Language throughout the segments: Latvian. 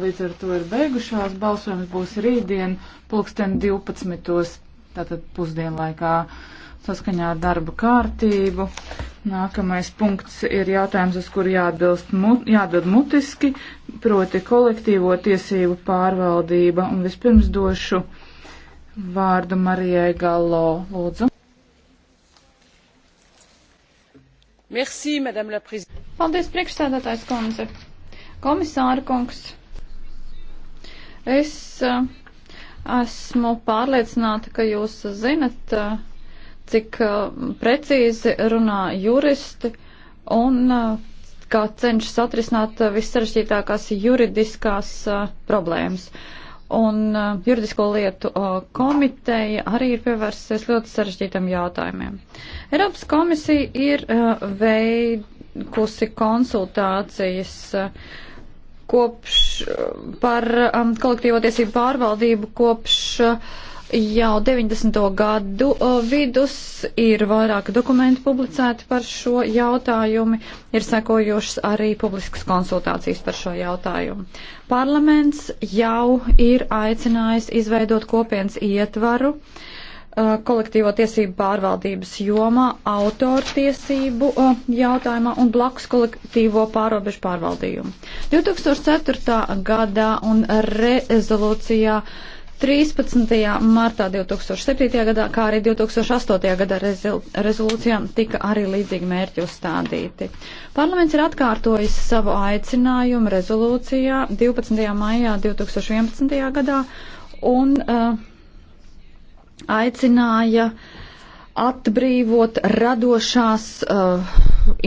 Līdz ar to ir beigušās. Balsojums būs rītdien, pulksten 12. Tātad pusdienlaikā saskaņā ar darba kārtību. Nākamais punkts ir jautājums, uz kuru jāatbilst, mut, jāatbild mutiski, proti kolektīvo tiesību pārvaldība. Un vispirms došu vārdu Marijai Gallo. Lūdzu. Merci, Paldies, priekšsēdētājs komisāra kungs. Es uh, esmu pārliecināta, ka jūs zinat, uh, cik uh, precīzi runā juristi un kā cenšas atrisināt vissaržģītākās juridiskās problēmas. Un juridisko lietu komiteja arī ir pievērsies ļoti sarežģītam jautājumiem. Eiropas komisija ir veikusi konsultācijas uh, kopš par um, kolektīvo tiesību pārvaldību kopš uh, jau 90. gadu uh, vidus ir vairāki dokumenti publicēti par šo jautājumu, ir sekojošas arī publiskas konsultācijas par šo jautājumu. Parlaments jau ir aicinājis izveidot kopienas ietvaru uh, Uh, kolektīvo tiesību pārvaldības jomā, autortiesību uh, jautājumā un blakus kolektīvo pārobežu pārvaldījumu. 2004. gadā un rezolūcijā 13. martā 2007. gadā, kā arī 2008. gadā rezolūcijām tika arī līdzīgi mērķi uzstādīti. Parlaments ir atkārtojis savu aicinājumu rezolūcijā 12. maijā 2011. gadā un uh, aicināja atbrīvot radošās uh,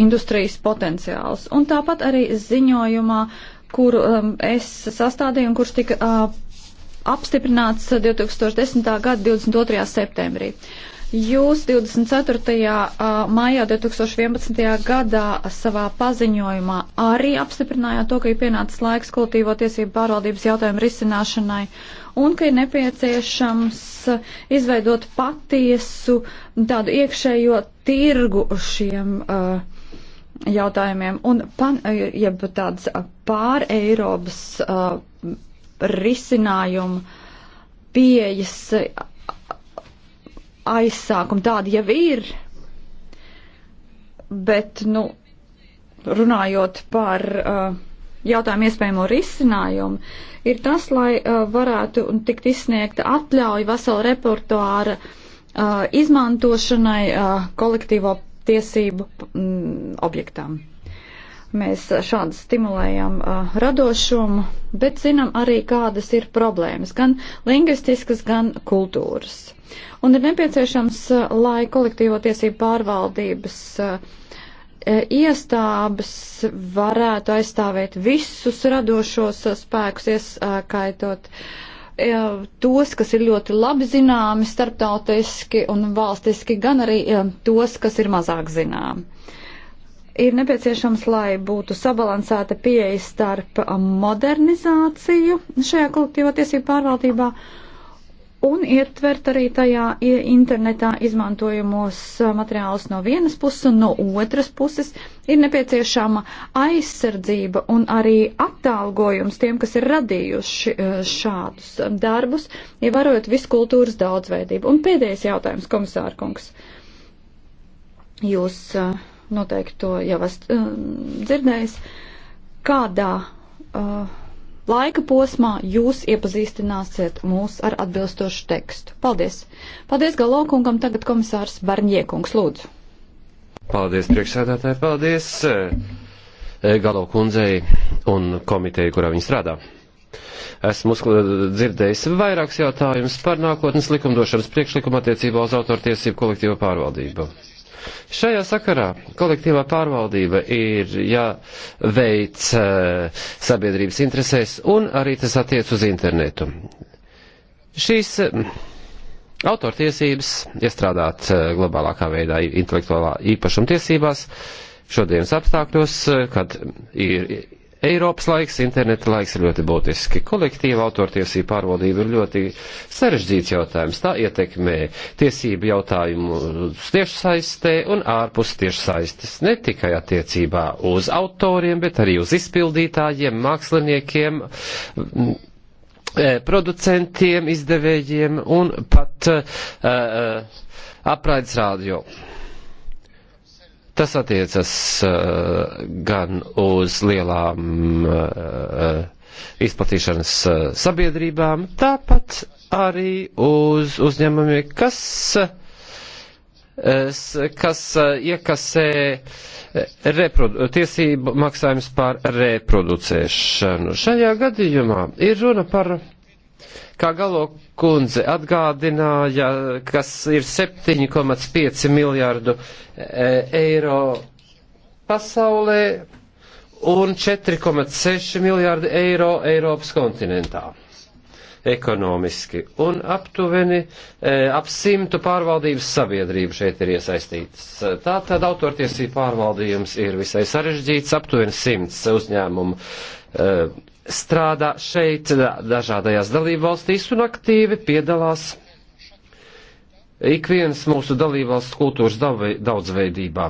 industrijas potenciāls. Un tāpat arī ziņojumā, kuru um, es sastādīju un kurš tika uh, apstiprināts 2010. gada 22. septembrī. Jūs 24. Uh, maijā 2011. gadā savā paziņojumā arī apstiprinājāt to, ka ir pienācis laiks kolektīvo tiesību pārvaldības jautājumu risināšanai un ka ir nepieciešams izveidot patiesu tādu iekšējo tirgu šiem uh, jautājumiem un pan, uh, jeb tāds uh, pār Eiropas uh, risinājumu pieejas uh, aizsākumu tādi jau ir, bet, nu, runājot par uh, jautājumu iespējamo risinājumu, ir tas, lai uh, varētu tikt izsniegta atļauja vesela repertuāra uh, izmantošanai uh, kolektīvo tiesību mm, objektām. Mēs šādi stimulējam radošumu, bet zinām arī, kādas ir problēmas, gan lingvistiskas, gan kultūras. Un ir nepieciešams, lai kolektīvo tiesību pārvaldības uh, E, iestādes varētu aizstāvēt visus radošos spēkus, ieskaitot e, tos, kas ir ļoti labi zināmi starptautiski un valstiski, gan arī e, tos, kas ir mazāk zināmi. Ir nepieciešams, lai būtu sabalansēta pieeja starp modernizāciju šajā kolektīvā tiesību pārvaldībā un ietvert arī tajā internetā izmantojamos uh, materiālus no vienas puses un no otras puses ir nepieciešama aizsardzība un arī attālgojums tiem, kas ir radījuši uh, šādus uh, darbus, ievērojot visu kultūras daudzveidību. Un pēdējais jautājums, komisārkungs. Jūs noteikti to jau esat dzirdējis. Kādā uh, laika posmā jūs iepazīstināsiet mūs ar atbilstošu tekstu. Paldies! Paldies Galokungam, tagad komisārs Barņiekungs, lūdzu. Paldies, priekšsēdētāji, paldies eh, Galokundzei un komiteju, kurā viņa strādā. Esmu dzirdējis vairākus jautājumus par nākotnes likumdošanas priekšlikumu attiecībā uz autortiesību kolektīvo pārvaldību. Šajā sakarā kolektīvā pārvaldība ir jāveic e, sabiedrības interesēs, un arī tas attiec uz internetu. Šīs e, autortiesības, iestrādāt e, globālākā veidā intelektuālā īpašuma tiesībās, šodienas apstākļos, kad ir Eiropas laiks, interneta laiks ir ļoti būtiski. Kolektīva autortiesība pārvaldība ir ļoti sarežģīts jautājums. Tā ietekmē tiesību jautājumu tiešsaistē un ārpus tiešsaistes ne tikai attiecībā uz autoriem, bet arī uz izpildītājiem, māksliniekiem e, producentiem, izdevējiem un pat uh, apraides rādio Tas attiecas uh, gan uz lielām uh, izplatīšanas uh, sabiedrībām, tāpat arī uz uzņēmumiem, kas, uh, kas uh, iekasē reprodu, tiesību maksājums par reproducēšanu. Šajā gadījumā ir runa par Kā galo kundze atgādināja, kas ir 7,5 miljārdu e, eiro pasaulē un 4,6 miljārdi eiro Eiropas kontinentā ekonomiski, un aptuveni e, ap simtu pārvaldības sabiedrību šeit ir iesaistītas. Tātad autortiesība pārvaldījums ir visai sarežģīts, aptuveni simts uzņēmumu e, strādā šeit dažādajās dalībvalstīs un aktīvi piedalās ik viens mūsu dalībvalsts kultūras daudzveidībā,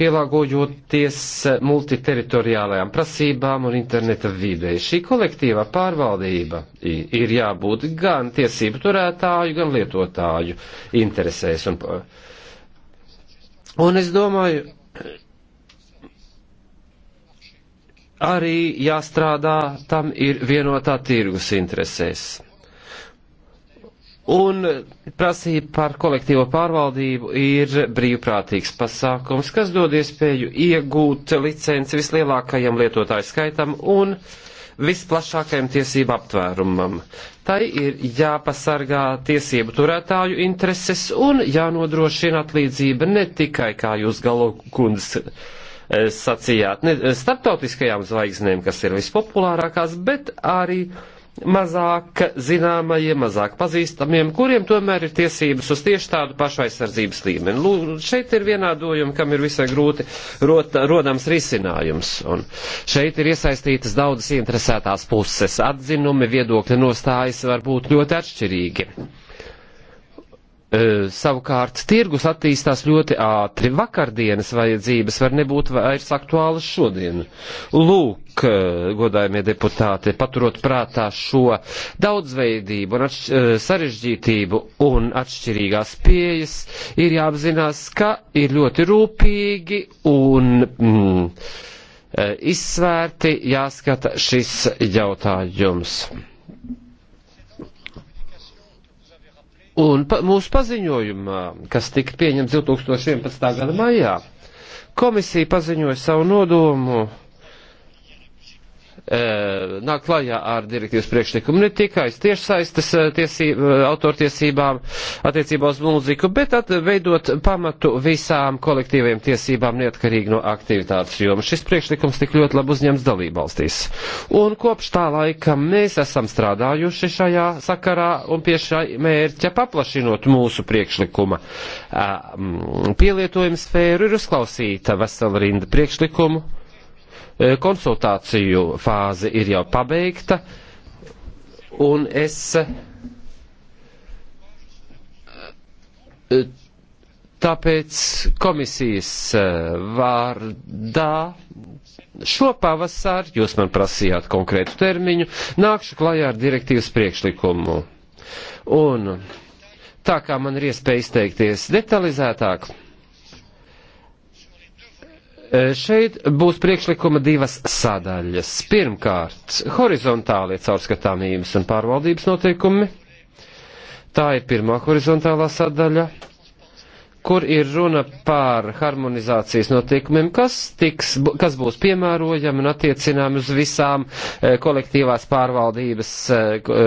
pielāgojoties multiteritoriālajām prasībām un interneta vidē. Šī kolektīvā pārvaldība ir jābūt gan tiesību turētāju, gan lietotāju interesēs. Un, un es domāju, arī jāstrādā tam ir vienotā tirgus interesēs. Un prasība par kolektīvo pārvaldību ir brīvprātīgs pasākums, kas dod iespēju iegūt licenci vislielākajam lietotāju skaitam un visplašākajam tiesību aptvērumam. Tai ir jāpasargā tiesību turētāju intereses un jānodrošina atlīdzība ne tikai, kā jūs galokundze sacījāt, ne starptautiskajām zvaigznēm, kas ir vispopulārākās, bet arī mazāk zināmajiem, mazāk pazīstamiem, kuriem tomēr ir tiesības uz tieši tādu pašaizsardzības līmeni. Lūd, šeit ir vienādojumi, kam ir visai grūti rot, rodams risinājums. Un šeit ir iesaistītas daudzas interesētās puses. Atzinumi, viedokļi nostājas var būt ļoti atšķirīgi. Savukārt, tirgus attīstās ļoti ātri. Vakardienas vajadzības var nebūt vairs aktuālas šodien. Lūk, godājumie deputāti, paturot prātā šo daudzveidību un atšķ sarežģītību un atšķirīgās pieejas, ir jāapzinās, ka ir ļoti rūpīgi un. Mm, izsvērti jāskata šis jautājums. Un pa, mūsu paziņojumā, kas tika pieņemts 2011. gada maijā, komisija paziņoja savu nodomu nāk klajā ar direktīvas priekšlikumu ne tikai uz tiešsaistes autortiesībām attiecībā uz mūziku, bet veidot pamatu visām kolektīviem tiesībām neatkarīgi no aktivitātes joma. Šis priekšlikums tik ļoti labi uzņemts dalībvalstīs. Un kopš tā laika mēs esam strādājuši šajā sakarā un pie šā mērķa paplašinot mūsu priekšlikuma pielietojumu sfēru ir uzklausīta vesela rinda priekšlikumu Eh, konsultāciju fāze ir jau pabeigta, un es eh, tāpēc komisijas eh, vārdā šo pavasaru, jūs man prasījāt konkrētu termiņu, nākšu klajā ar direktīvas priekšlikumu. Un tā kā man ir iespēja izteikties detalizētāk, E, šeit būs priekšlikuma divas sadaļas. Pirmkārt, horizontālie caurskatāmības un pārvaldības noteikumi. Tā ir pirmā horizontālā sadaļa, kur ir runa par harmonizācijas noteikumiem, kas, tiks, kas būs piemērojami un attiecināmi uz visām e, kolektīvās pārvaldības e,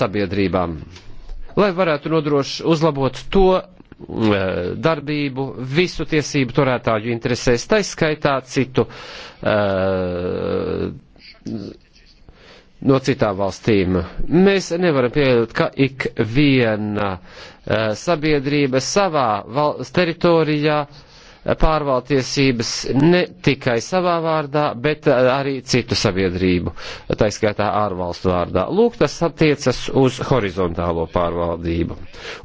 sabiedrībām, lai varētu nodroši uzlabot to Eh, darbību visu tiesību turētāju interesēs, taiskaitā citu eh, no citām valstīm. Mēs nevaram pieļaut, ka ik viena eh, sabiedrība savā valsts teritorijā uh, pārvaltiesības ne tikai savā vārdā, bet eh, arī citu sabiedrību, tā skaitā ārvalstu vārdā. Lūk, tas attiecas uz horizontālo pārvaldību.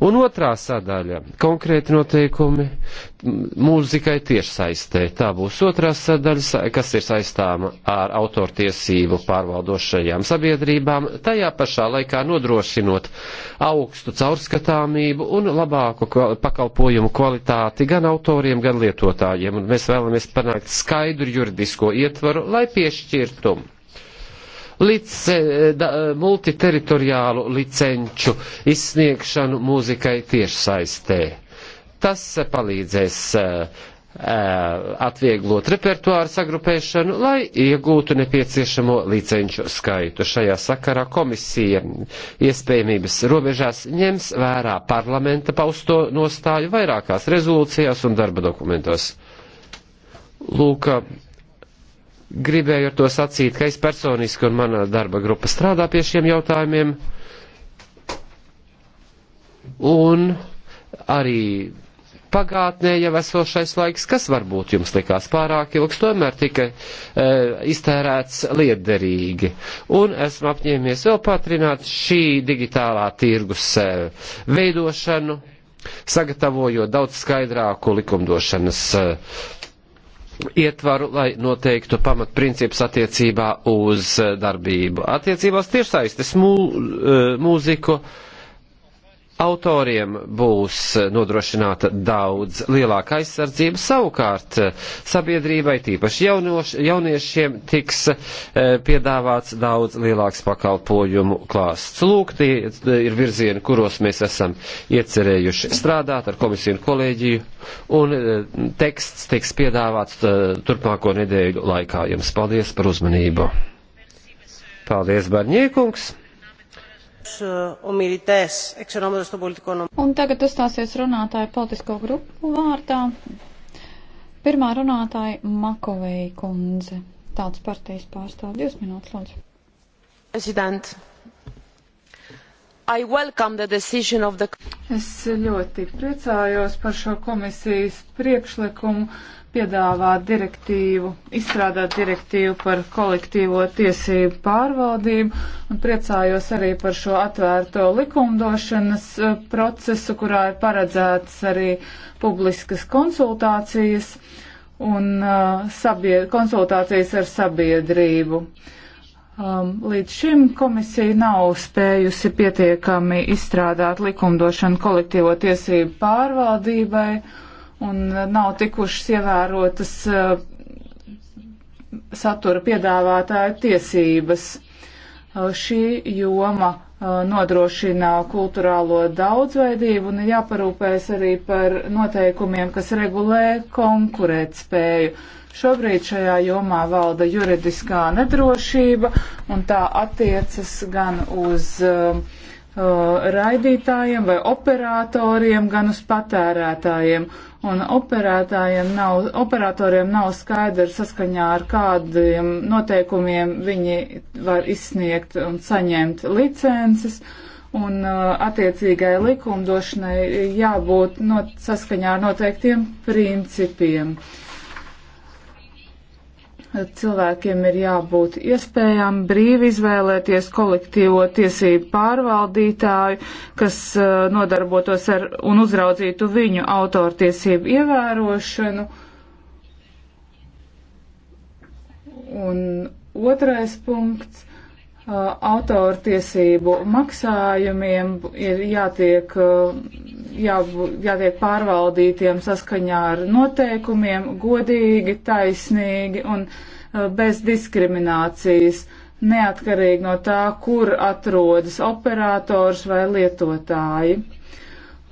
Un otrā sadaļa - konkrēti noteikumi mūzikai tiešsaistē. Tā būs otrā sadaļa, kas ir saistāma ar autortiesību pārvaldošajām sabiedrībām, tajā pašā laikā nodrošinot augstu caurskatāmību un labāku pakalpojumu kvalitāti gan autoriem, gan lietotājiem lietotājiem, un mēs vēlamies panākt skaidru juridisko ietvaru, lai piešķirtu lice, eh, da, eh, multiteritoriālu licenču izsniegšanu mūzikai tiešsaistē. Tas palīdzēs eh, atvieglot repertuāru sagrupēšanu, lai iegūtu nepieciešamo licenču skaitu. Šajā sakarā komisija iespējamības robežās ņems vērā parlamenta pausto nostāju vairākās rezolūcijās un darba dokumentos. Lūk, gribēju ar to sacīt, ka es personiski un mana darba grupa strādā pie šiem jautājumiem. Un arī pagātnē jau esošais laiks, kas varbūt jums likās pārāk ilgs, tomēr tika e, iztērēts liederīgi. Un esmu apņēmies vēl pātrināt šī digitālā tirgus e, veidošanu, sagatavojot daudz skaidrāku likumdošanas e, ietvaru, lai noteiktu pamatprincips attiecībā uz e, darbību. Attiecībās tiešsaistes mū, e, mūziku. E, autoriem būs nodrošināta daudz lielāka aizsardzība, savukārt sabiedrībai, tīpaši jaunoš, jauniešiem, tiks eh, piedāvāts daudz lielāks pakalpojumu klāsts. Lūk, tie ir virzieni, kuros mēs esam iecerējuši strādāt ar komisiju un kolēģiju, un eh, teksts tiks piedāvāts eh, turpmāko nedēļu laikā. Jums paldies par uzmanību. Paldies, Barņiekungs! Un tagad uzstāsies runātāja politisko grupu vārdā. Pirmā runātāja Makovei kundze. Tāds partijas pārstāv. Divas minūtes, lūdzu. President. I welcome the decision of the... Es ļoti priecājos par šo komisijas priekšlikumu piedāvāt direktīvu, izstrādāt direktīvu par kolektīvo tiesību pārvaldību un priecājos arī par šo atvērto likumdošanas e, procesu, kurā ir paredzētas arī publiskas konsultācijas un uh, e, sabied, konsultācijas ar sabiedrību. Um, līdz šim komisija nav spējusi pietiekami izstrādāt likumdošanu kolektīvo tiesību pārvaldībai un nav tikušas ievērotas eh, satura piedāvātāja tiesības. Eh, šī joma eh, nodrošina kultūrālo daudzveidību un ir jāparūpēs arī par noteikumiem, kas regulē konkurētspēju. Šobrīd šajā jomā valda juridiskā nedrošība un tā attiecas gan uz uh, raidītājiem vai operatoriem, gan uz patērētājiem un operētājiem nav, operatoriem nav skaidrs saskaņā ar kādiem noteikumiem viņi var izsniegt un saņemt licences, un uh, attiecīgai likumdošanai jābūt not, saskaņā ar noteiktiem principiem. Uh, Cilvēkiem ir jābūt iespējām brīvi izvēlēties kolektīvo tiesību pārvaldītāju, kas eh, nodarbotos ar un uzraudzītu viņu autortiesību ievērošanu. Un otrais punkts Uh, autortiesību maksājumiem ir jātiek, uh, jā, jātiek pārvaldītiem saskaņā ar noteikumiem, godīgi, taisnīgi un uh, bez diskriminācijas, neatkarīgi no tā, kur atrodas operators vai lietotāji.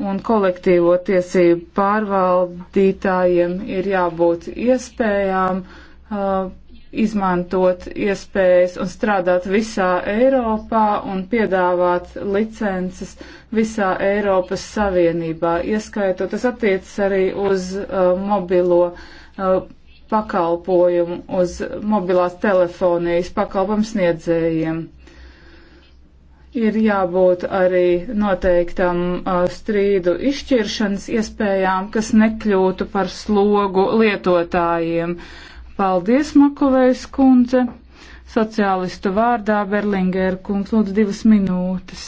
Un kolektīvo tiesību pārvaldītājiem ir jābūt iespējām uh, izmantot iespējas un strādāt visā Eiropā un piedāvāt licences visā Eiropas Savienībā, ieskaitot, tas attiecas arī uz uh, mobilo uh, pakalpojumu, uz mobilās telefonijas pakalpojumu sniedzējiem. Ir jābūt arī noteiktam uh, strīdu izšķiršanas iespējām, kas nekļūtu par slogu lietotājiem. Uh, Paldies, Makovejs kundze. Sociālistu vārdā Berlingēra kungs lūdzu divas minūtes.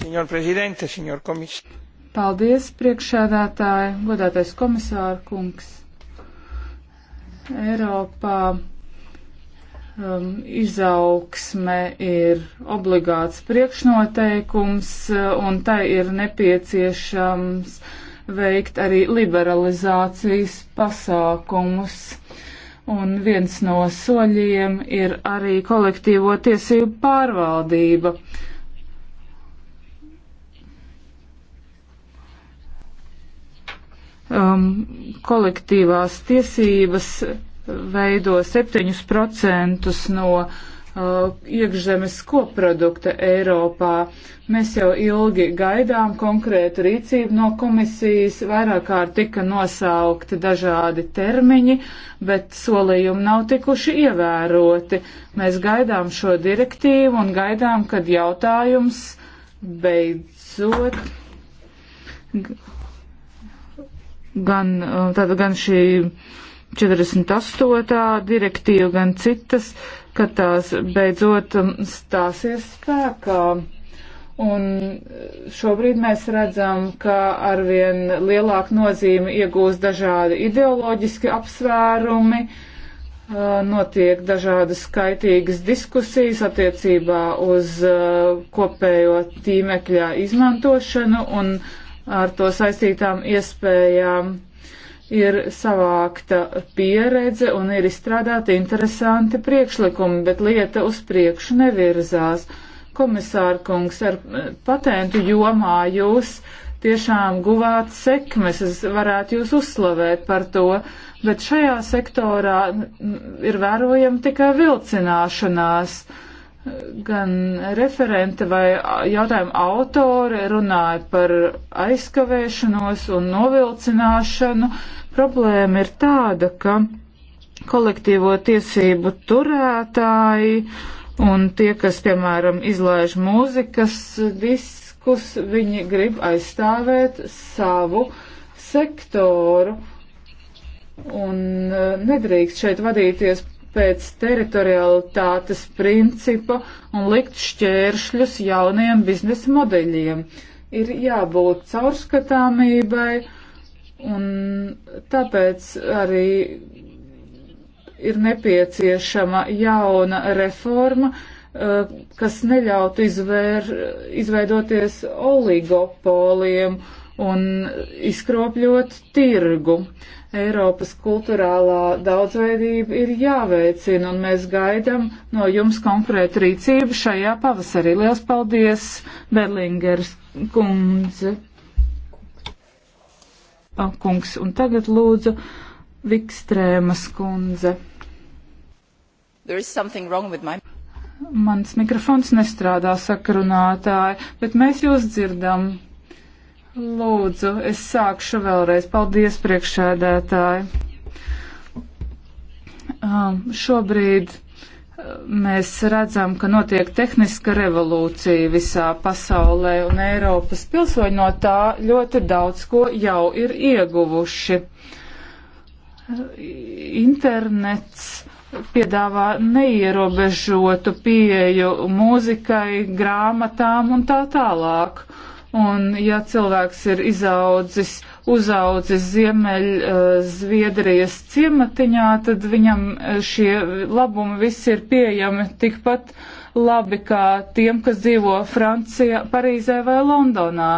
Signor prezidente, signor komis. Paldies, priekšsēdētāji, godātais komisāra kungs. Eiropā um, izaugsme ir obligāts priekšnoteikums uh, un tai ir nepieciešams uh, veikt arī liberalizācijas pasākumus. Un viens no soļiem ir arī kolektīvo tiesību pārvaldība. Um, kolektīvās tiesības veido 7% no uh, Uh, iekšzemes koprodukta Eiropā. Mēs jau ilgi gaidām konkrētu rīcību no komisijas, vairāk kārt tika nosaukti dažādi termiņi, bet solījumi nav tikuši ievēroti. Mēs gaidām šo direktīvu un gaidām, kad jautājums beidzot gan, uh, tātad gan šī 48. direktīva, gan citas ka tās beidzot stāsies spēkā. Un šobrīd mēs redzam, ka arvien lielāku nozīmi iegūst dažādi ideoloģiski apsvērumi, notiek dažādas skaitīgas diskusijas attiecībā uz kopējo tīmekļa izmantošanu un ar to saistītām iespējām. Uh, ir savākta pieredze un ir izstrādāti interesanti priekšlikumi, bet lieta uz priekšu nevirzās. Komisārkungs, ar patentu jomā jūs tiešām guvāt sekmes, es varētu jūs uzslavēt par to, bet šajā sektorā ir vērojama tikai vilcināšanās. Uh, gan referente vai jautājuma autore runāja par aizkavēšanos un novilcināšanu. Problēma ir tāda, ka kolektīvo tiesību turētāji un tie, kas, piemēram, izlaiž mūzikas diskus, viņi grib aizstāvēt savu sektoru. Un eh, nedrīkst šeit vadīties pēc teritorialitātes principa un likt šķēršļus jauniem biznesa modeļiem. Ir jābūt caurskatāmībai un tāpēc arī ir nepieciešama jauna reforma, eh, kas neļautu izvēr, izveidoties oligopoliem un izkropļot tirgu. Eiropas kultūrālā daudzveidība ir jāveicina, un mēs gaidam no jums konkrētu rīcību šajā pavasarī. Lielas paldies, Berlingers kundze. Ah, kungs, un tagad lūdzu Vikstrēmas kundze. My... Mans mikrofons nestrādā sakrunātāji, bet mēs jūs dzirdam. Lūdzu, es sākšu vēlreiz. Paldies, priekšsēdētāji. Um, šobrīd uh, mēs redzam, ka notiek tehniska revolūcija visā pasaulē, un Eiropas pilsoņi no tā ļoti daudz ko jau ir ieguvuši. Internets piedāvā neierobežotu pieeju mūzikai, grāmatām un tā tālāk. Uh, Un ja cilvēks ir izaudzis, uzaudzis Ziemeļ eh, Zviedrijas ciematiņā, tad viņam eh, šie labumi visi ir pieejami tikpat labi kā tiem, kas dzīvo Francijā, Parīzē vai Londonā.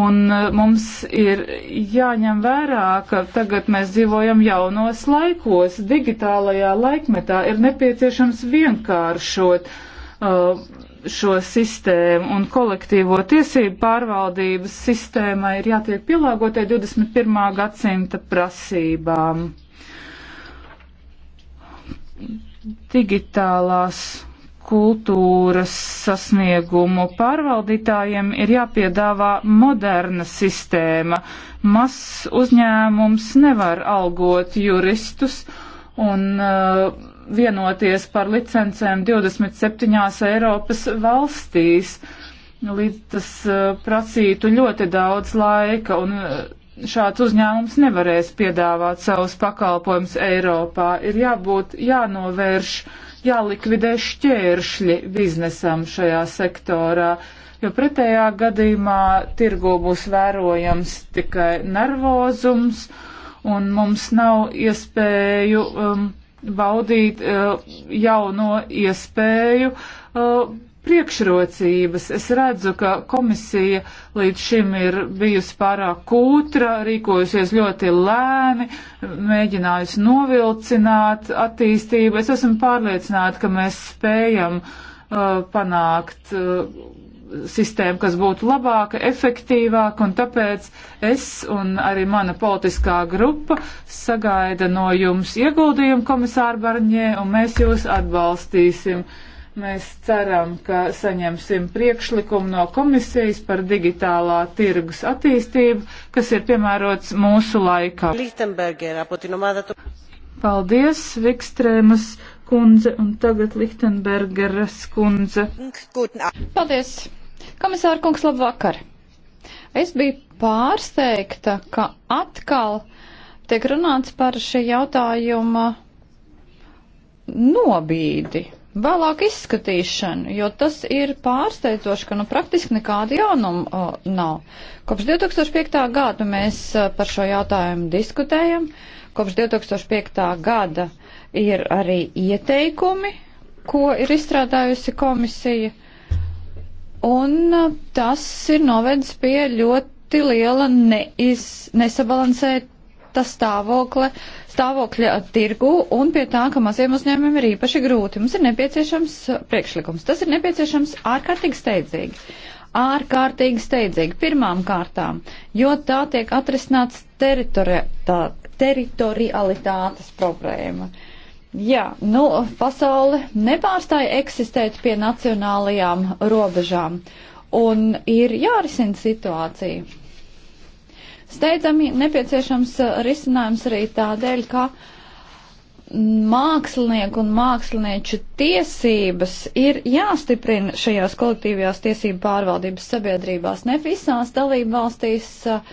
Un eh, mums ir jāņem vērā, ka tagad mēs dzīvojam jaunos laikos, digitālajā laikmetā ir nepieciešams vienkāršot. Uh, šo sistēmu un kolektīvo tiesību pārvaldības sistēmai ir jātiek pielāgotai 21. gadsimta prasībām. Digitālās kultūras sasniegumu pārvaldītājiem ir jāpiedāvā moderna sistēma. Mazs uzņēmums nevar algot juristus un uh, vienoties par licencēm 27 Eiropas valstīs. Līdz tas uh, prasītu ļoti daudz laika, un uh, šāds uzņēmums nevarēs piedāvāt savus pakalpojumus Eiropā. Ir jābūt, jānovērš, jālikvidē šķēršļi biznesam šajā sektorā, jo pretējā gadījumā tirgo būs vērojams tikai nervozums, un mums nav iespēju. Um, baudīt eh, jauno iespēju eh, priekšrocības. Es redzu, ka komisija līdz šim ir bijusi pārāk kūtra, rīkojusies ļoti lēni, mēģinājusi novilcināt attīstību. Es esmu pārliecināta, ka mēs spējam uh, panākt uh, sistēma, kas būtu labāka, efektīvāka, un tāpēc es un arī mana politiskā grupa sagaida no jums ieguldījumu komisāru Barņē, un mēs jūs atbalstīsim. Mēs ceram, ka saņemsim priekšlikumu no komisijas par digitālā tirgus attīstību, kas ir piemērots mūsu laikā. Paldies, Vikstrēmas kundze, un tagad Lichtenbergeras kundze. Paldies! Komisāra kungs, labvakar! Es biju pārsteigta, ka atkal tiek runāts par šī jautājuma nobīdi, vēlāk izskatīšanu, jo tas ir pārsteidzoši, ka nu praktiski nekāda jaunuma uh, nav. Kopš 2005. gada mēs uh, par šo jautājumu diskutējam, kopš 2005. gada ir arī ieteikumi, ko ir izstrādājusi komisija. Uh, Un uh, tas ir novedis pie ļoti liela neiz, nesabalansēta tā stāvokļa, stāvokļa tirgu un pie tā, ka maziem uzņēmumiem ir īpaši grūti. Mums ir nepieciešams priekšlikums. Tas ir nepieciešams ārkārtīgi steidzīgi. Ārkārtīgi steidzīgi pirmām kārtām, jo tā tiek atrisināts teritori, tā, teritorialitātes problēma. Uh, Jā, nu, pasaule nepārstāja eksistēt pie nacionālajām robežām un ir jārisina situācija. Steidzami nepieciešams uh, risinājums arī tādēļ, ka mākslinieku un mākslinieču tiesības ir jāstiprina šajās kolektīvajās tiesību pārvaldības sabiedrībās. Ne visās dalību valstīs uh,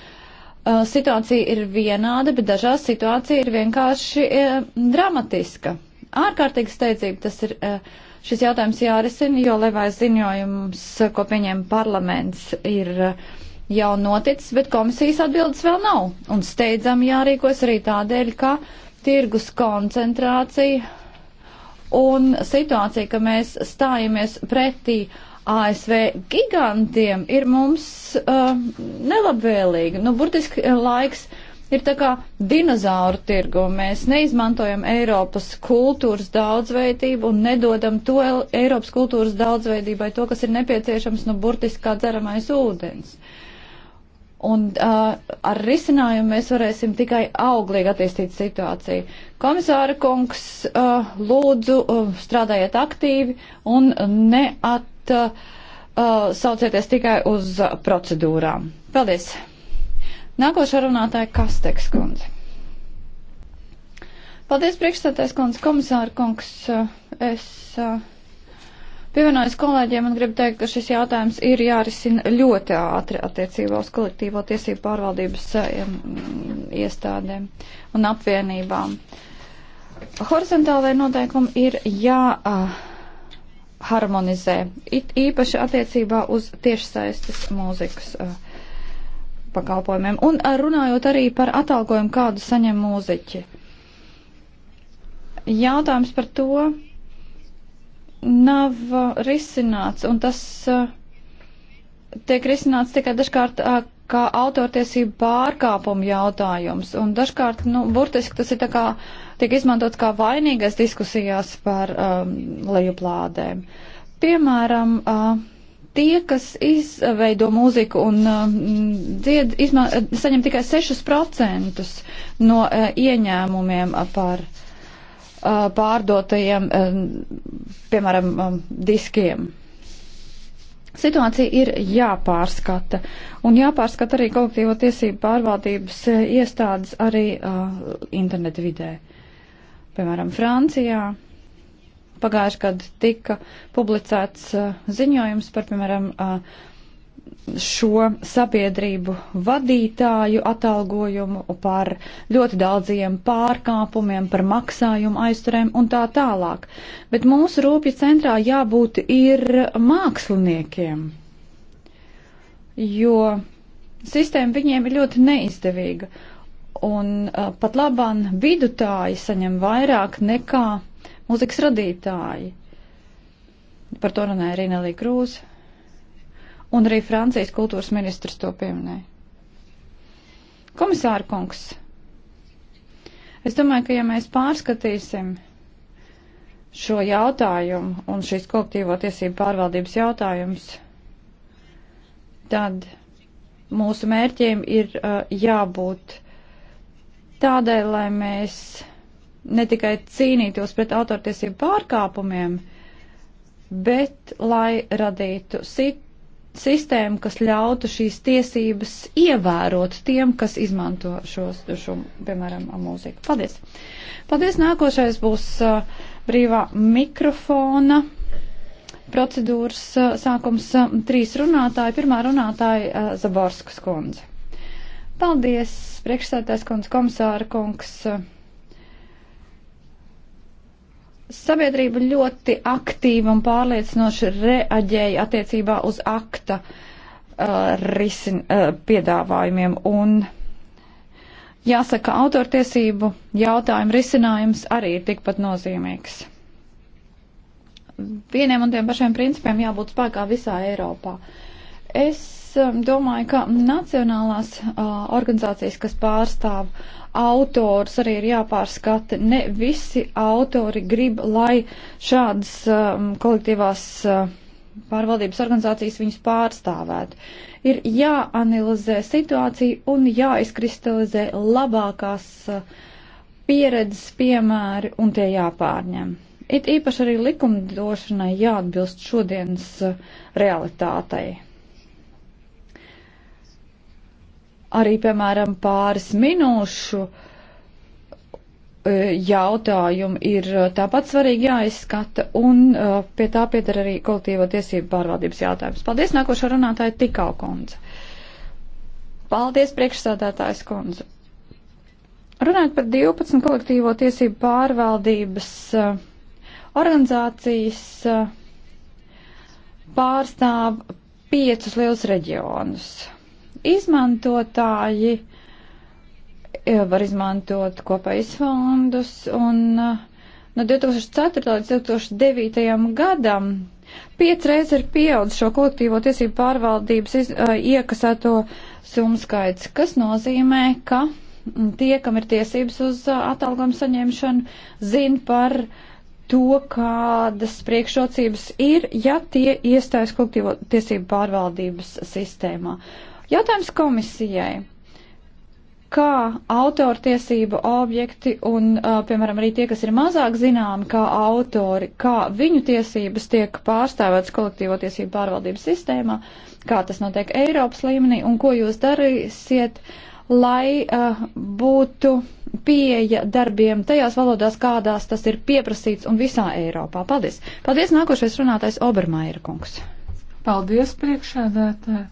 Eh, situācija ir vienāda, bet dažās situācija ir vienkārši uh, dramatiska. Ārkārtīgi steidzīgi tas ir. Uh, Šis jautājums jārisina, jo levais ziņojums, ko pieņēma parlaments, ir uh, jau noticis, bet komisijas atbildes vēl nav. Un steidzam jārīkojas arī tādēļ, ka tirgus koncentrācija un situācija, ka mēs stājamies pretī uh, ASV gigantiem ir mums uh, nelabvēlīgi. Nu, burtiski uh, laiks ir tā kā dinozauru tirgu. Mēs neizmantojam Eiropas kultūras daudzveidību un nedodam to Eiropas kultūras daudzveidībai to, kas ir nepieciešams, nu, burtiski kā dzeramais ūdens. Un uh, ar risinājumu mēs varēsim tikai auglīgi attīstīt situāciju. Komisāra kungs, uh, lūdzu, uh, strādājiet aktīvi un neat Uh, uh, saucieties tikai uz procedūrām. Paldies! Nākošā runātāja Kasteks kundze. Paldies, priekšstādājs kundze, komisāra kungs. Uh, es uh, pievienojos kolēģiem un gribu teikt, ka šis jautājums ir jārisina ļoti ātri attiecībā uz kolektīvo tiesību pārvaldības um, iestādēm un apvienībām. Horizontālajie noteikumi ir jā. Uh, harmonizē, it īpaši attiecībā uz tiešsaistes mūzikas uh, pakalpojumiem. Un uh, runājot arī par atalgojumu, kādu saņem mūziķi. Jautājums par to nav uh, risināts, un tas uh, tiek risināts tikai dažkārt uh, kā autortiesību pārkāpumu jautājums. Un dažkārt, nu, burtiski tas ir tā kā uh, tiek izmantots kā vainīgais diskusijās par um, lejuplādēm. Piemēram, uh, tie, kas izveido mūziku un uh, dzied, izmā, saņem tikai 6% no uh, ieņēmumiem par uh, pārdotajiem, uh, piemēram, um, diskiem. Situācija ir jāpārskata, un jāpārskata arī kolektīvo tiesību pārvaldības uh, iestādes arī uh, internetu vidē. Uh, Piemēram, Francijā pagājuši gadu tika publicēts uh, ziņojums par, piemēram, uh, šo sabiedrību vadītāju atalgojumu, par ļoti daudziem pārkāpumiem, par maksājumu aizturēm un tā tālāk. Bet mūsu rūpja centrā jābūt ir māksliniekiem, jo sistēma viņiem ir ļoti neizdevīga. Un uh, pat labāk vidutāji saņem vairāk nekā mūzikas radītāji. Par to runāja arī Nelī Krūze. Un arī Francijas kultūras ministrs to pieminēja. Komisāra kungs, es domāju, ka ja mēs pārskatīsim šo jautājumu un šīs kolektīvo tiesību pārvaldības jautājumus, tad mūsu mērķiem ir uh, jābūt Tādēļ, lai mēs ne tikai cīnītos pret autortiesību pārkāpumiem, bet lai radītu sit sistēmu, kas ļautu šīs tiesības ievērot tiem, kas izmanto šos, šo, piemēram, mūziku. Paldies! Paldies! Nākošais būs uh, brīvā mikrofona procedūras uh, sākums. Uh, trīs runātāji. Pirmā runātāja uh, Zaborskas kundze. Paldies, priekšsētājs kundze, komisāra kungs. Sabiedrība ļoti aktīvi un pārliecinoši reaģēja attiecībā uz akta uh, risin, uh, piedāvājumiem un jāsaka, autortiesību jautājumu risinājums arī ir tikpat nozīmīgs. Vieniem un tiem pašiem principiem jābūt spēkā visā Eiropā. Es Um, domāju, ka nacionālās uh, organizācijas, kas pārstāv autors, arī ir jāpārskata. Ne visi autori grib, lai šādas um, kolektīvās uh, pārvaldības organizācijas viņus pārstāvētu. Ir jāanalizē situācija un jāizkristalizē labākās uh, pieredzes piemēri un tie jāpārņem. It īpaši arī likumdošanai jāatbilst šodienas realitātei. arī, piemēram, pāris minūšu e, jautājumi ir e, tāpat svarīgi jāizskata, un e, pie tā piedara arī kolektīvo tiesību pārvaldības jautājums. Paldies, nākošā runātāja Tikau kundze. Paldies, priekšsādātājs kundze. Runājot par 12 kolektīvo tiesību pārvaldības organizācijas pārstāv piecus lielus reģionus izmantotāji e, var izmantot kopējas fondus un e, no 2004. līdz 2009. gadam piecreiz ir pieaudz šo kolektīvo tiesību pārvaldības iz, uh, iekasēto summu skaits, kas nozīmē, ka tie, kam ir tiesības uz uh, atalgojumu saņemšanu, zina par to, kādas priekšrocības ir, ja tie iestājas kolektīvo tiesību pārvaldības sistēmā. Uh, Jautājums komisijai. Kā autortiesību objekti un, piemēram, arī tie, kas ir mazāk zināmi kā autori, kā viņu tiesības tiek pārstāvētas kolektīvo tiesību pārvaldības sistēmā, kā tas notiek Eiropas līmenī un ko jūs darīsiet, lai uh, būtu pieeja darbiem tajās valodās, kādās tas ir pieprasīts un visā Eiropā. Paldies! Paldies! Nākošais runātais Obermaira kungs. Paldies, priekšēdētāji!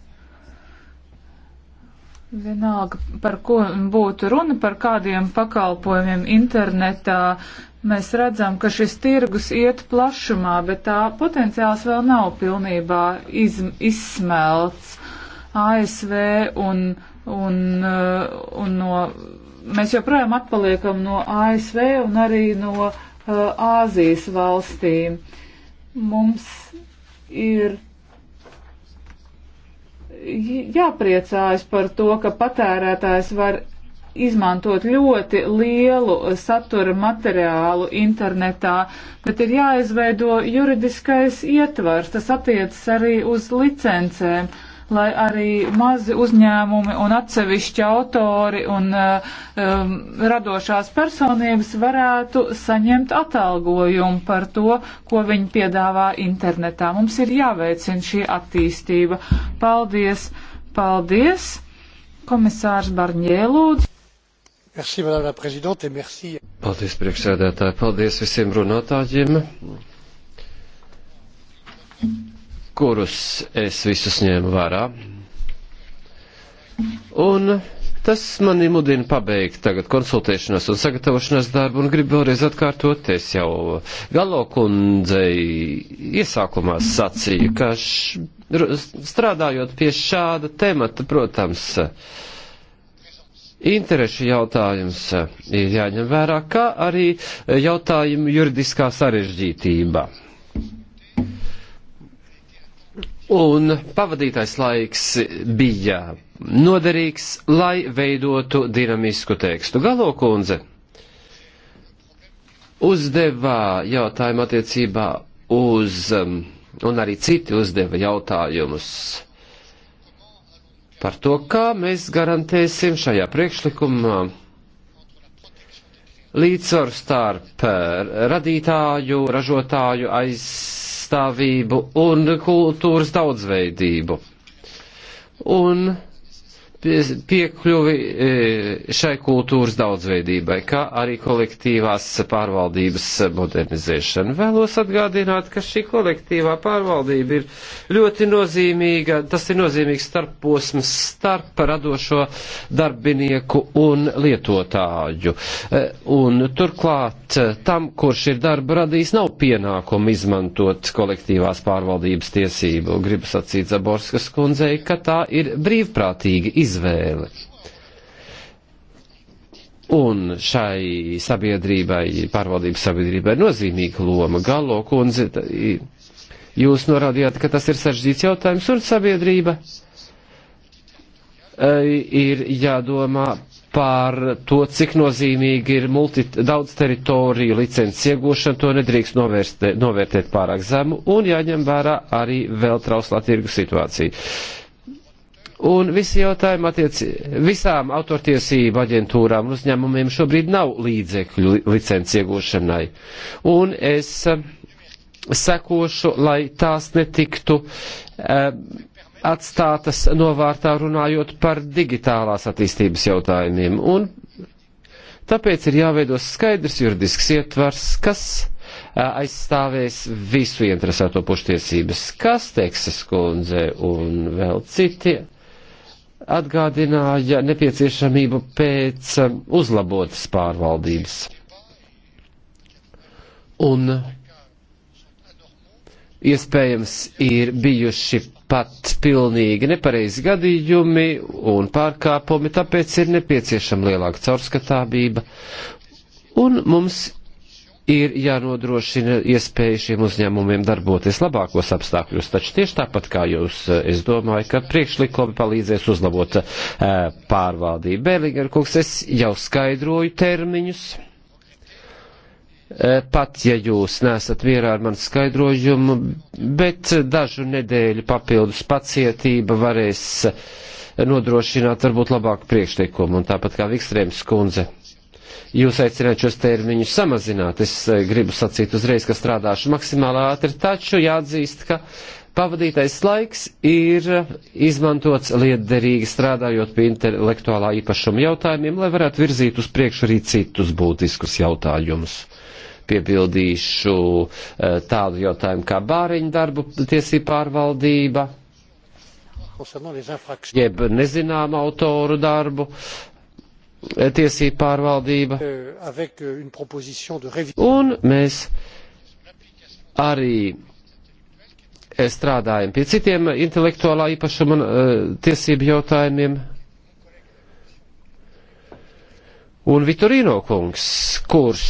Vienalga, par ko būtu runa, par kādiem pakalpojumiem internetā, mēs redzam, ka šis tirgus iet plašumā, bet tā potenciāls vēl nav pilnībā iz, izsmelts. ASV un, un, uh, un no, mēs joprojām atpaliekam no ASV un arī no uh, Āzijas valstīm. Mums ir jāpriecājas par to, ka patērētājs var izmantot ļoti lielu satura materiālu internetā, bet ir jāizveido juridiskais ietvars. Tas attiecas arī uz licencēm. Uh, lai arī mazi uzņēmumi un atsevišķi autori un eh, um, radošās personības varētu saņemt atalgojumu par to, ko viņi piedāvā internetā. Mums ir jāveicina šī attīstība. Paldies, paldies! Komisārs Barņē lūdzu. Merci, madame la présidente, et merci. Paldies, priekšsēdētāji, paldies visiem runātājiem kurus es visus ņēmu vērā. Un tas mani mudina pabeigt tagad konsultēšanās un sagatavošanās darbu, un gribu vēlreiz atkārtot, es jau galo kundzei iesākumā sacīju, ka š, strādājot pie šāda temata, protams, interešu jautājums ir jāņem vērā, kā arī jautājumu juridiskā sarežģītība. Un pavadītais laiks bija noderīgs, lai veidotu dinamisku tekstu. Galo kundze uzdevā jautājumu attiecībā uz, um, un arī citi uzdeva jautājumus par to, kā mēs garantēsim šajā priekšlikumā līdzsvaru starp uh, radītāju, ražotāju aiz pastāvību un kultūras daudzveidību. Un piekļuvi e, šai kultūras daudzveidībai, kā arī kolektīvās pārvaldības modernizēšanu. Vēlos atgādināt, ka šī kolektīvā pārvaldība ir ļoti nozīmīga, tas ir nozīmīgs starposms starp radošo darbinieku un lietotāju. E, un turklāt e, tam, kurš ir darba radījis, nav pienākumu izmantot kolektīvās pārvaldības tiesību. Gribu sacīt Zaborskas kundzei, ka tā ir brīvprātīga izmantojuma izvēle. Un šai sabiedrībai, pārvaldības sabiedrībai, ir nozīmīga loma. Galo kundze, jūs norādījāt, ka tas ir sarežģīts jautājums, un sabiedrība e, ir jādomā par to, cik nozīmīgi ir multi, daudz teritoriju licences iegūšana, to nedrīkst novērst, novērtēt pārāk zemu un jāņem vērā arī vēl trauslā tirgu situācija. Un visi jautājumi attiec visām autortiesību aģentūrām uzņēmumiem šobrīd nav līdzekļu licenci iegūšanai. Un es eh, sekošu, lai tās netiktu eh, atstātas novārtā runājot par digitālās attīstības jautājumiem. Un tāpēc ir jāveido skaidrs juridisks ietvars, kas eh, aizstāvēs visu interesēto pušu tiesības, kas Teksas kundze un vēl citi atgādināja nepieciešamību pēc um, uzlabotas pārvaldības. Un iespējams ir bijuši pat pilnīgi nepareizi gadījumi un pārkāpumi, tāpēc ir nepieciešama lielāka caurskatābība. Un mums ir jānodrošina iespēja šiem uzņēmumiem darboties labākos apstākļos. Taču tieši tāpat kā jūs, eh, es domāju, ka priekšlikumi palīdzēs uzlabot e, pārvaldību. Bēlīgar kungs, es jau skaidroju termiņus. E, pat ja jūs nesat mierā ar manu skaidrojumu, bet dažu nedēļu papildus pacietība varēs nodrošināt varbūt labāku priekšlikumu, un tāpat kā Vikstrēms kundze jūs aicināt šos termiņus samazināt. Es eh, gribu sacīt uzreiz, ka strādāšu maksimāli ātri, taču jāatzīst, ka pavadītais laiks ir izmantots lietderīgi strādājot pie intelektuālā īpašuma jautājumiem, lai varētu virzīt uz priekšu arī citus būtiskus jautājumus. Piebildīšu eh, tādu jautājumu kā bāriņu darbu tiesību pārvaldība, jeb nezināmu autoru darbu, Eh, tiesību pārvaldība. Euh, euh, Un mēs arī eh, strādājam pie citiem intelektuālā īpašuma eh, tiesību jautājumiem. Un Vitorino kungs, kurš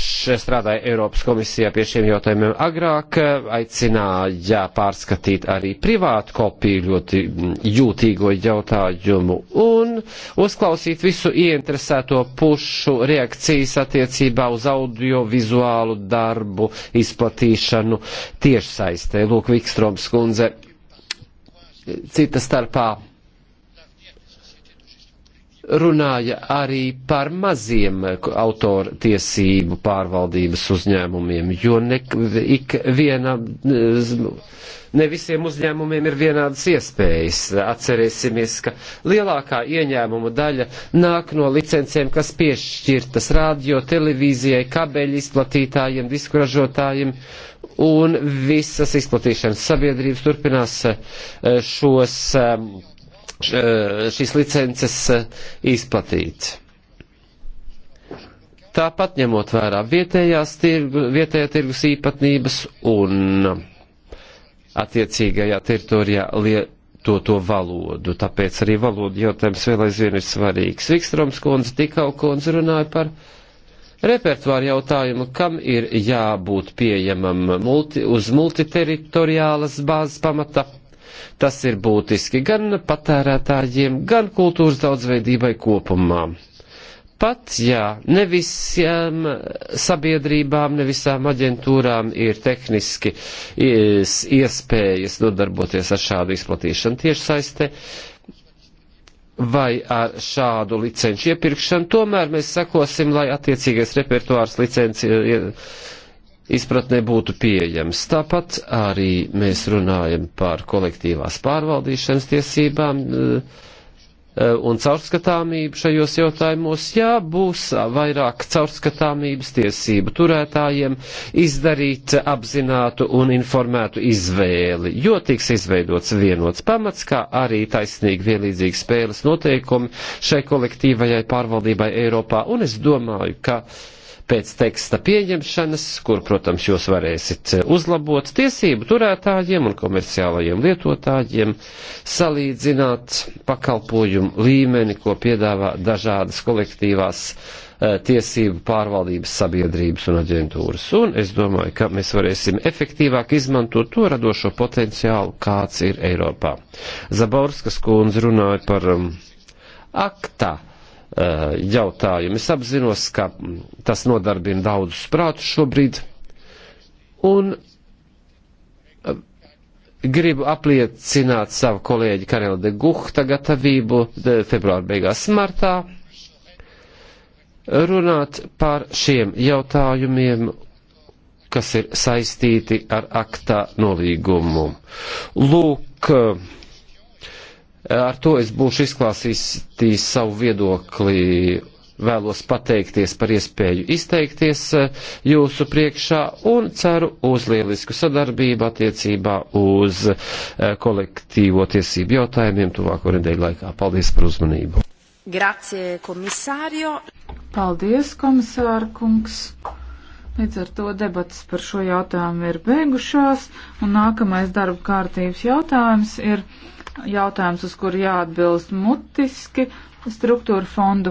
strādāja Eiropas komisijā pie šiem jautājumiem agrāk, aicināja pārskatīt arī privātu kopiju ļoti mm, jūtīgo jautājumu un uzklausīt visu ieinteresēto pušu reakcijas attiecībā uz audiovizuālu darbu izplatīšanu tiešsaistē. Lūk, Vikstroms kundze, cita starpā runāja arī par maziem autortiesību pārvaldības uzņēmumiem, jo ne, ik viena, ne visiem uzņēmumiem ir vienādas iespējas. Atcerēsimies, ka lielākā ieņēmuma daļa nāk no licencēm, kas piešķirtas radio, televīzijai, kabeļu izplatītājiem, disku ražotājiem, un visas izplatīšanas sabiedrības turpinās eh, šos eh, šīs licences eh, izplatīt. Tāpat ņemot vērā vietējās tirgu, vietējā tirgus īpatnības un attiecīgajā teritorijā lietoto valodu. Tāpēc arī valodu jautājums vēl aizvien ir svarīgs. Vikstroms kundze tikau kundze runāja par repertuāru jautājumu, kam ir jābūt pieejamam multi, uz multiteritoriālas bāzes pamata Tas ir būtiski gan patērētājiem, gan kultūras daudzveidībai kopumā. Pat, ja ne visām sabiedrībām, ne visām aģentūrām ir tehniski iespējas nodarboties ar šādu izplatīšanu tiešsaistē, vai ar šādu licenču iepirkšanu, tomēr mēs sakosim, lai attiecīgais repertuārs licenci izpratnē būtu pieejams. Tāpat arī mēs runājam par kolektīvās pārvaldīšanas tiesībām eh, eh, un caurskatāmību šajos jautājumos. Jā, būs vairāk caurskatāmības tiesību turētājiem izdarīt apzinātu un informētu izvēli, jo tiks izveidots vienots pamats, kā arī taisnīgi vienlīdzīgi spēles noteikumi šai kolektīvajai pārvaldībai Eiropā. Un es domāju, ka uh, pēc teksta pieņemšanas, kur, protams, jūs varēsiet eh, uzlabot tiesību turētājiem un komerciālajiem lietotājiem, salīdzināt pakalpojumu līmeni, ko piedāvā dažādas kolektīvās eh, tiesību pārvaldības sabiedrības un aģentūras. Un es domāju, ka mēs varēsim efektīvāk izmantot to radošo potenciālu, kāds ir Eiropā. Zaborskas kundze runāja par um, aktā Eh, jautājumi. Es apzinos, ka tas nodarbina daudzus prātus šobrīd, un eh, gribu apliecināt savu kolēģi Karelu de Guhta gatavību eh, februāra beigās martā runāt par šiem jautājumiem, kas ir saistīti ar aktā nolīgumu. Lūk, Ar to es būšu izklāsījis savu viedokli. Vēlos pateikties par iespēju izteikties eh, jūsu priekšā un ceru uz lielisku sadarbību attiecībā uz eh, kolektīvo tiesību jautājumiem tuvāko nedēļu laikā. Paldies par uzmanību! Grazie, komisārio! Paldies, komisārkungs! Līdz ar to debatas par šo jautājumu ir beigušās, un nākamais darba kārtības jautājums ir jautājums, uz kuru jāatbilst mutiski, struktūra fondu